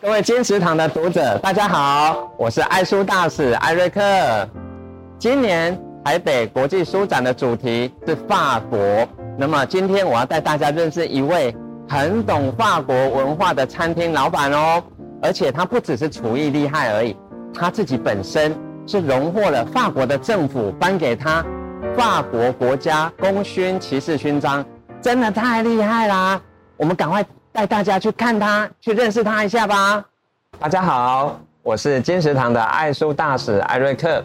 各位金石堂的讀者，大家好，我是愛書大使愛瑞克。今年台北國際書展的主題是法國，那麼今天我要帶大家認識一位很懂法國文化的餐廳老闆哦，而且他不只是廚藝厲害而已，他自己本身是榮獲了法國的政府頒給他法國國家功勳騎士勳章，真的太厲害啦！我們趕快。帶大家去看他，去認識他一下吧。大家好，我是金石堂的愛書大使艾瑞克。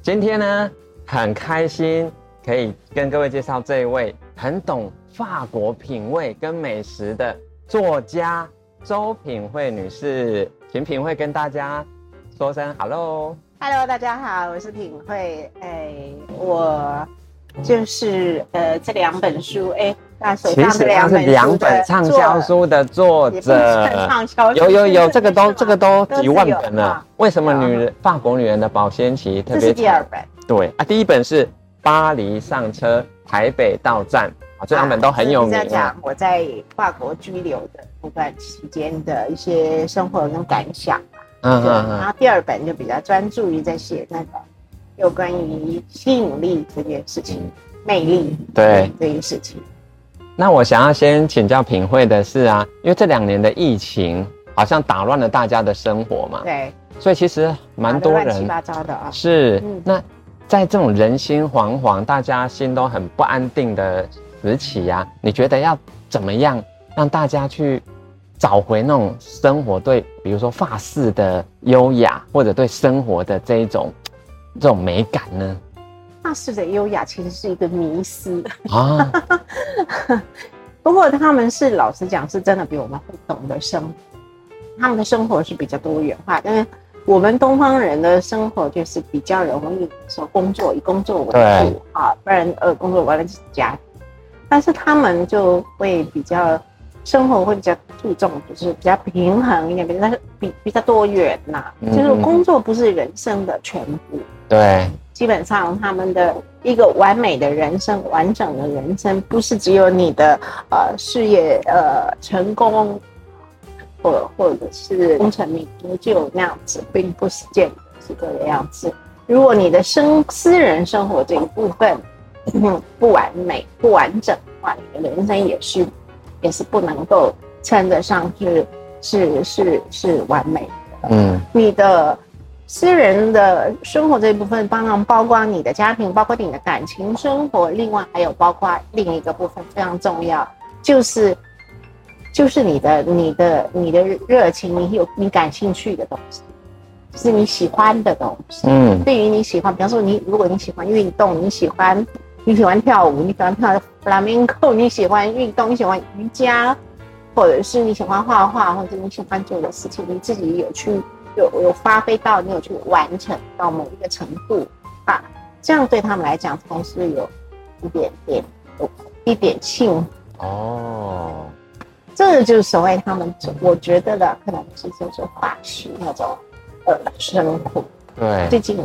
今天呢，很開心可以跟各位介紹這一位很懂法國品味跟美食的作家周品慧女士。請品慧跟大家說聲 hello，hello，大家好，我是品慧。哎、欸，我就是呃，這兩本書，哎、欸。其實他是兩本暢銷書的作者，有有有，這個都這個都幾萬本了。為什麼女人法國女人的保鮮期特別長？這是第二本，對啊，第一本是巴黎上車，台北到站啊，這兩本都很有名啊。我在法國居留的這段期間的一些生活跟感想嘛，嗯嗯，然後第二本就比較專注於在寫那個有關於吸引力這件事情、魅力對這一事情。那我想要先請教品慧的是啊，因為這兩年的疫情好像打亂了大家的生活嘛，對，所以其實蠻多人亂七八糟的啊。是，嗯、那在這種人心惶惶、大家心都很不安定的時期呀、啊，你覺得要怎麼樣讓大家去找回那種生活對，比如說法式的優雅，或者對生活的這一種這種美感呢？那式的優雅其實是一個迷思啊。 不過他們是老實講，是真的比我們會懂得生活，他們的生活是比較多元化。因為我們東方人的生活就是比較容易說工作以工作為主對啊，不然呃工作完了就是家。但是他們就會比較生活會比較注重，就是比較平衡一點，但是比較比較多元吶、啊。嗯、哼就是工作不是人生的全部。對。基本上，他們的一個完美的人生、完整的人生，不是只有你的呃事業呃成功，或或者是功成名就那樣子，並不是是這個樣子。如果你的生私人生活這一部分呵呵不完美、不完整的話，你的人生也是也是不能夠稱得上是是是是完美的。嗯，你的。私人的生活這一部分，當然包括你的家庭，包括你的感情生活。另外還有包括另一個部分非常重要，就是就是你的你的你的熱情，你有你感興趣的東西，是你喜歡的東西。嗯，對於你喜歡，比方說你如果你喜歡運動，你喜歡你喜歡跳舞，你喜歡跳 flamenco，你喜歡運動，你喜歡瑜伽，或者是你喜歡畫畫，或者你喜歡做的事情，你自己有去。有有發揮到你有去完成到某一個程度啊，這樣對他們來講，同時有一點點一點幸福。哦，這就是所謂他們，我覺得的可能是叫做法式那種呃，生活。對，最近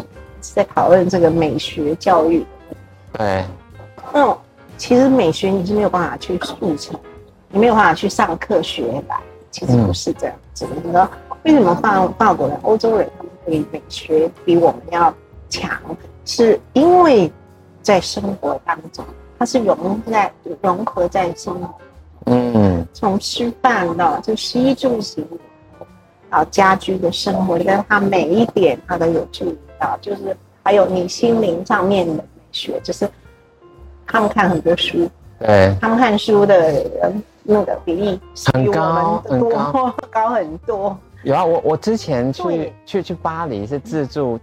是在討論這個美學教育，oh. 嗯。對，那、嗯、其實美學你是沒有辦法去速成，你沒有辦法去上課學吧，其實不是這樣子，的、嗯，你說。為什麼法法國人、歐洲人他們對美學比我們要強？是因為在生活當中，它是融在融合在生活。嗯，從吃飯到就衣食住行，然後、啊、家居的生活，但他每一點他都有注意到。就是還有你心靈上面的美學，就是他們看很多書，對，他們看書的人那個比例比我們多很高，很高，高很多。有啊，我我之前去對去去巴黎是自助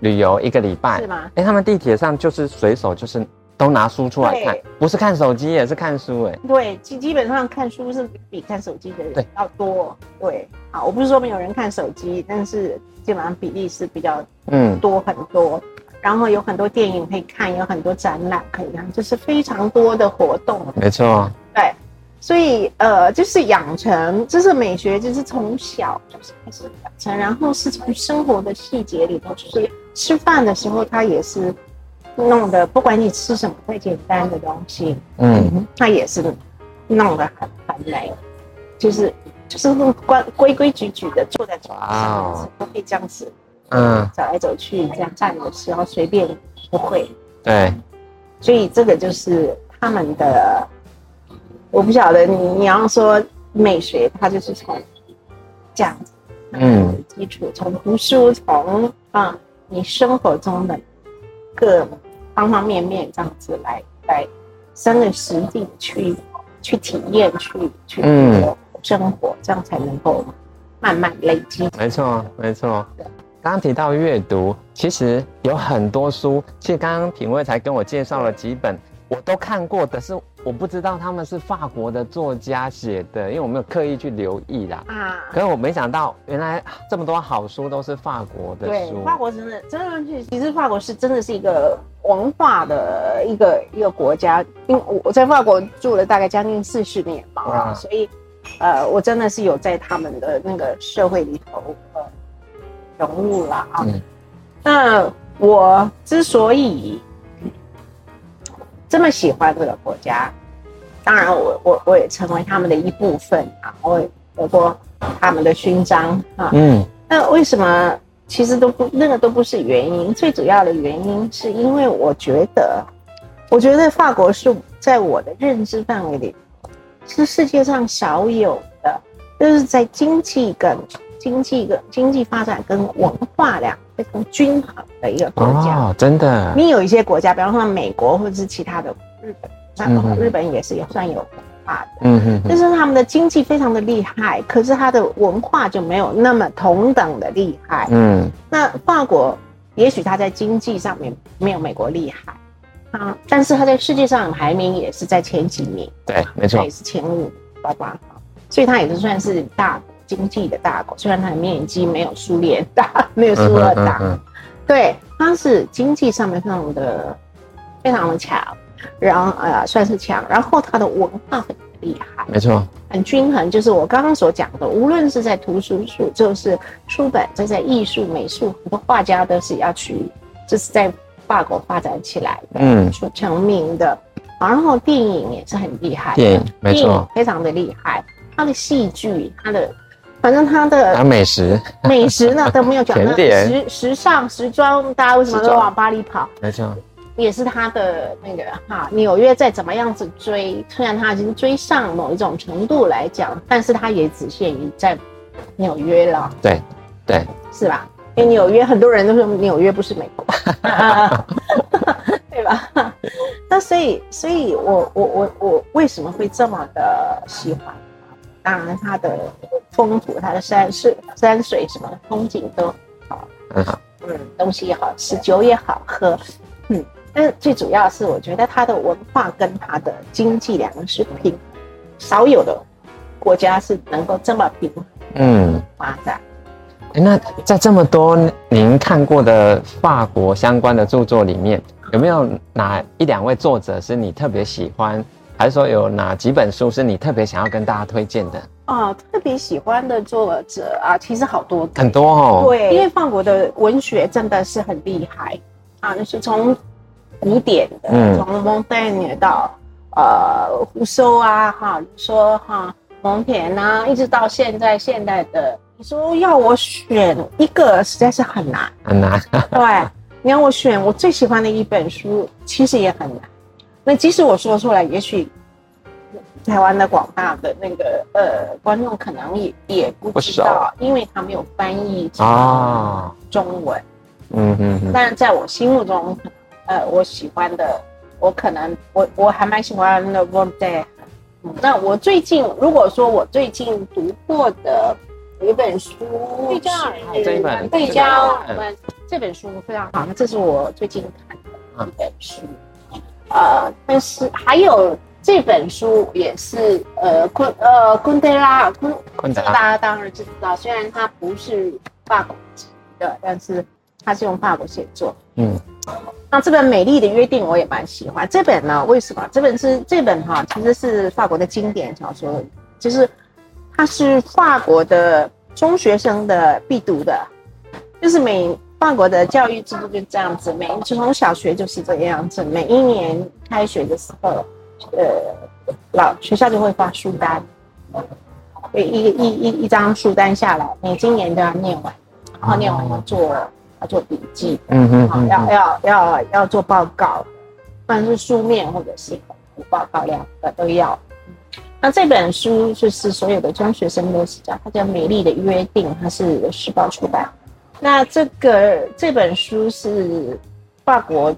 旅遊一個禮拜，是嗎？誒、欸，他們地鐵上就是隨手就是都拿書出來看，對不是看手機也是看書、欸，哎。對，基基本上看書是比看手機的人要多。對，對，好，我不是說沒有人看手機，但是基本上比例是比較嗯多很多。嗯、然後有很多電影可以看，有很多展覽可以看，就是非常多的活動。沒錯。所以，呃，就是養成，就是美學，就是從小就是開始養成，然後是從生活的細節裡頭，就是吃飯的時候，他也是弄的，不管你吃什麼太簡單的東西，嗯，他也是弄的很很累，就是就是規規矩矩的坐在床上不會這樣子，嗯，走來走去、嗯、這樣站的時候隨便不會，對，所以這個就是他們的。我不曉得你，你要說美學，它就是從這樣子，嗯基礎，從讀書，從啊你生活中的各方方面面這樣子來來深的實地去去體驗去去生活，嗯、這樣才能夠慢慢累積。沒錯，沒錯對。剛剛提到閱讀，其實有很多書，其實剛剛品慧才跟我介紹了幾本，我都看過，的是。我不知道他們是法國的作家寫的，因為我沒有刻意去留意啦。啊，可是我沒想到，原來這麼多好書都是法國的書。對，法國真的，真的，其實法國是真的是一個文化的一個一個國家。因為我在法國住了大概將近四十年吧，啊、所以，呃，我真的是有在他們的那個社會裡頭，呃，融入了、嗯、啊。那我之所以，這麼喜歡這個國家，當然我我我也成為他們的一部分啊，我也得過他們的勳章啊，嗯，那為什麼其實都不那個都不是原因，最主要的原因是因為我覺得，我覺得法國是在我的認知範圍裡是世界上少有的，就是在經濟跟經濟跟經濟發展跟文化兩。非常均衡的一個國家，oh, 真的。你有一些國家，比方說美國或者是其他的日本，那日本也是有算有文化的，嗯嗯、mm，hmm. 但是他們的經濟非常的厲害，可是他的文化就沒有那麼同等的厲害，嗯、mm。Hmm. 那法國也許他在經濟上面沒有美國厲害，啊，但是他在世界上排名也是在前幾名，對、mm，沒錯，也是前五八八，呱呱，所以他也是算是大經濟的大國，雖然它的面積沒有蘇聯大，沒有蘇聯大，嗯嗯嗯、對，它是經濟上面非常的非常的強，然後呃算是強，然後它的文化很厲害，沒錯，很均衡。就是我剛剛所講的，無論是在圖書處，就是書本，就在藝術、美術，很多畫家都是要去，這、就是在法國發展起來的，嗯，所成名的。然後電影也是很厲害，電影沒錯，非常的厲害。它的戲劇，它的。反正他的美食，啊、美食呢都沒有講。甜點，時時尚時裝，大家為什麼都往巴黎跑？沒錯，也是他的那個哈。紐、啊、紐約再怎麼樣子追，雖然他已經追上某一種程度來講，但是他也只限於在紐約了。對對，對是吧？因為紐約很多人都說紐約不是美國， 啊、對吧？那所以，所以我我我我為什麼會這麼的喜歡？當然，它、啊、的風土、它的山水、山水什麼風景都很好，很好嗯，東西也好吃，酒也好喝，嗯。但最主要是，我覺得它的文化跟它的經濟兩個水平，少有的國家是能夠這麼平，嗯發展、欸。那在這麼多您看過的法國相關的著作裡面，有沒有哪一兩位作者是你特別喜歡？還是說有哪幾本書是你特別想要跟大家推薦的？啊、哦，特別喜歡的作者啊，其實好多個很多哦。對，因為法國的文學真的是很厲害啊。你、就是從古典的，從 Montaigne 到呃胡收啊哈，你、啊、說哈、啊、蒙田吶、啊，一直到現在現代的，你、就是、說要我選一個，實在是很難很難。對 你要我選我最喜歡的一本書，其實也很難。那即使我說出來，也許台灣的廣大的那個呃觀眾可能也也不知道，熟因為他沒有翻譯成中文。啊、嗯嗯。但是在我心目中，呃，我喜歡的，我可能我我還蠻喜歡的。One day。那我最近如果說我最近讀過的一本書，對焦，對焦，這本書非常好，那這是我最近看的一本書。啊呃，但是還有這本書也是呃昆呃昆德拉、昆、昆德拉，大家當然就知道，雖然他不是法國籍的，但是他是用法國寫作。嗯，那這本《美麗的約定》我也蠻喜歡。這本呢、啊，為什麼？這本是這本哈、啊，其實是法國的經典小說，就是它是法國的中學生的必讀的，就是每。法國的教育制度就這樣子，每從小學就是這樣子，每一年開學的時候，呃，老，學校就會發書單，一一個一一一張書單下來，你今年都要念完，然後念完要做、oh. 要做筆記，嗯嗯、mm hmm.，要要要要做報告，不管是書面或者是有報告兩個都要。那這本書就是所有的中學生都是這樣，它叫《美麗的約定》，它是時報出版。那這個這本書是法國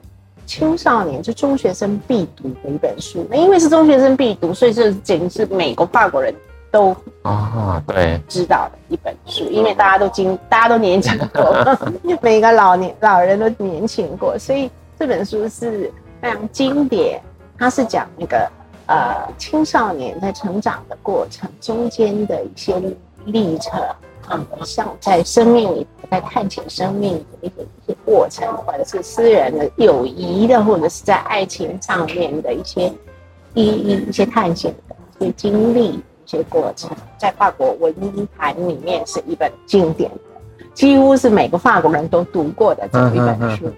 青少年，就中學生必讀的一本書。那因為是中學生必讀，所以這簡直是每個法國人都啊，對，知道的一本書。因為大家都經，大家都年輕過， 每個老年老人都年輕過，所以這本書是非常經典。它是講那個呃青少年在成長的過程中間的一些歷程。嗯，像在生命裡，在探險生命裡的一些一些過程，或者是私人的友誼的，或者是在愛情上面的一些一一些探險的一些經歷、一些過程，在法國文壇裡面是一本經典的，幾乎是每個法國人都讀過的這麼一本書。嗯嗯嗯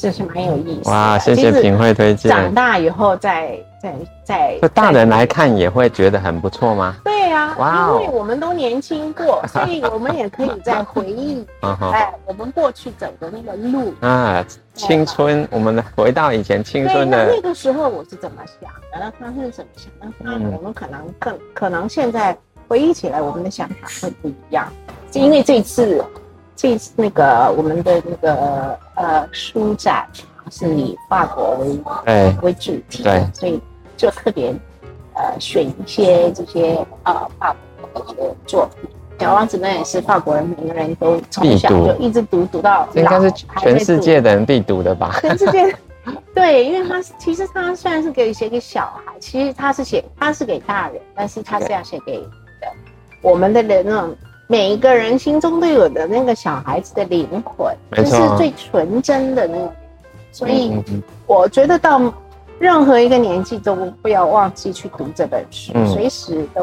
就是蠻有意思的哇！謝謝品慧推薦。長大以後再再再，就大人來看也會覺得很不錯嗎？對呀、啊，Wow 因為我們都年輕過， 所以我們也可以再回憶， 哎，我們過去走的那個路啊，吧青春，我們回到以前青春的那，那個時候，我是怎麼想的？他是怎麼想的？他，我們可能更、嗯、可，可能現在回憶起來，我們的想法會不一樣，就 因為這次。這次那個我們的那個呃書展，是以法國為為主題，欸、所以就特別呃選一些這些呃法國的作品。小王子呢也是法國人，每個人都從小就一直讀讀，讀到，應該是全世界的人必讀的吧？全世界 對，因為他其實他雖然是給寫給小孩，其實他是寫他是給大人，但是他是要寫給的。對我們的人呢？每一個人心中都有的那個小孩子的靈魂，就、啊、是最純真的那個，所以我覺得到任何一個年紀都不要忘記去讀這本書，隨、嗯、時都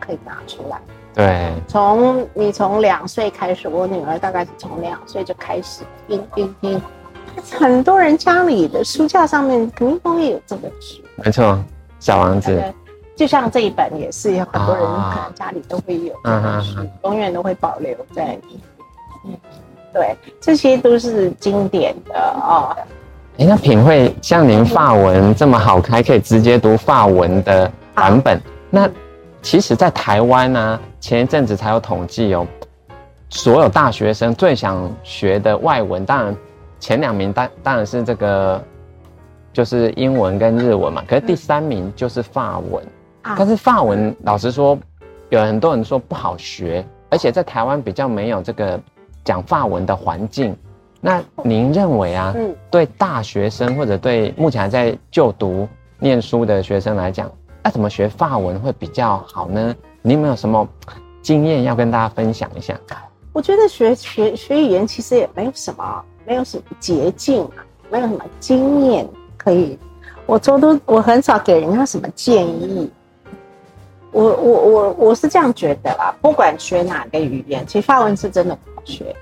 可以拿出來。對，從你從兩歲開始，我女兒大概是從兩歲就開始聽，聽、聽、聽。很多人家裡的書架上面肯定都會有這本書。沒錯，《小王子》嗯。就像這一本也是有很多人可能家裡都會有，是永遠都會保留在那、啊啊啊、對，這些都是經典的哦。哎、欸，那品慧像您法文這麼好還可以直接讀法文的版本。啊、那其實，在台灣呢、啊，前一陣子才有統計哦，所有大學生最想學的外文，當然前兩名當當然是這個，就是英文跟日文嘛。可是第三名就是法文。嗯但是法文，啊、老實說，有很多人說不好學，而且在台灣比較沒有這個講法文的環境。那您認為啊，嗯、對大學生或者對目前還在就讀念書的學生來講，那怎麼學法文會比較好呢？你有沒有什麼經驗要跟大家分享一下？我覺得學學學語言其實也沒有什麼，沒有什麼捷徑，沒有什麼經驗可以。我我都我很少給人家什麼建議。我我我我是這樣覺得啦，不管學哪個語言，其實法文是真的不好學。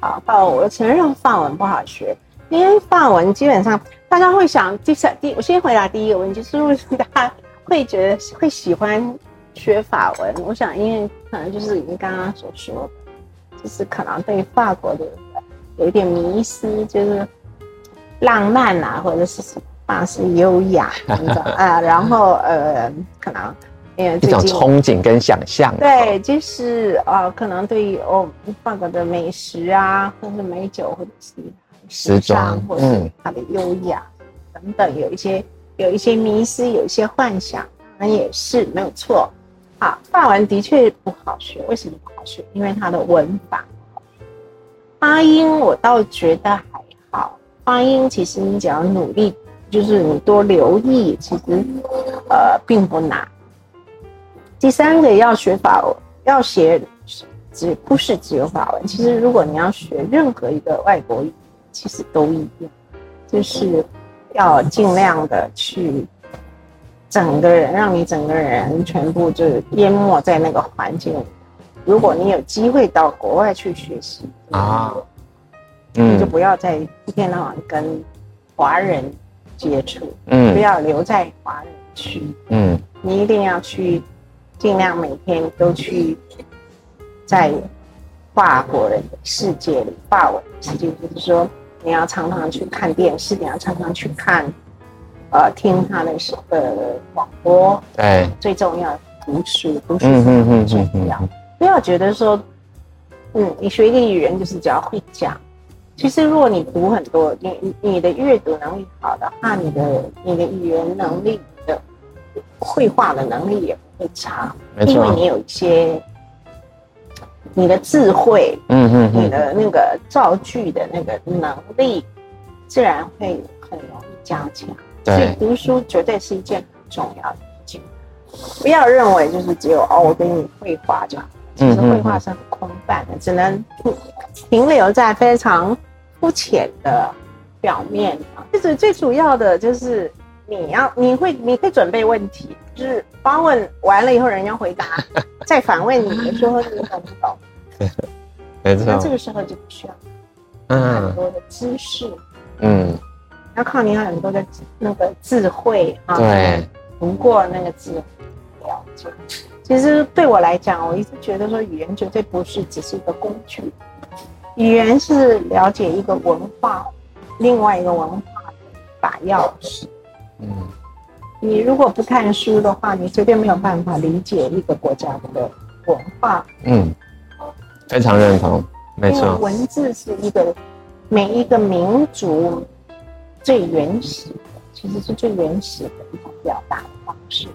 好，法文我承認法文不好學，因為法文基本上大家會想第三第，我先回答第一個問題，就是不是他會覺得會喜歡學法文？我想，因為可能就是您剛剛所說的，就是可能對法國的人有一點迷思，就是浪漫啊，或者是法式優雅那種 啊，然後呃，可能。這種憧憬跟想象，對，就是啊、呃，可能對於法國的美食啊，或者是美酒，或者是時尚，時裝或者是他的優雅等等，嗯、有一些有一些迷思，有一些幻想，可能也是沒有錯。啊，法文的確不好學，為什麼不好學？因為它的文法，發音我倒覺得還好，發音其實你只要努力，就是你多留意，其實呃並不難。第三個要學法文，要學只不是只有法文，其實如果你要學任何一個外國語，其實都一樣，就是要盡量的去整個人，讓你整個人全部就淹沒在那個環境。如果你有機會到國外去學習啊，嗯，就不要再一天到晚跟華人接觸，嗯，不要留在華人區，嗯，你一定要去。盡量每天都去在法國人的世界裡，法文的世界，就是說你要常常去看電視，你要常常去看，呃，聽他的呃廣播。對，最重要讀書，讀書，嗯嗯嗯，不要覺得說，嗯，你學一個語言就是只要會講。其實，如果你讀很多，你你的閱讀能力好的話，你的你的語言能力的會話的能力也好。因為你有一些你的智慧，嗯哼哼，你的那個造句的那個能力，自然會很容易加強。對所以讀書絕對是一件很重要的事情。不要認為就是只有哦，我給你繪畫就好了，其實繪畫是很空泛的，只能停留在非常膚淺的表面。其實最主要的就是。你要，你會，你會準備問題，就是發問完了以後，人家回答， 再反問你的時候就，候你懂不懂？那這個時候就不需要很多的知識，嗯，要靠你有很多的那個智慧啊，對，不過那個智慧，了解。其實對我來講，我一直覺得說語言絕對不是只是一個工具，語言是了解一個文化，另外一個文化的把鑰匙。嗯，你如果不看書的話，你絕對沒有辦法理解一個國家的文化。嗯，非常認同，沒錯。因為文字是一個每一個民族最原始的，其實是最原始的一種表達的方式。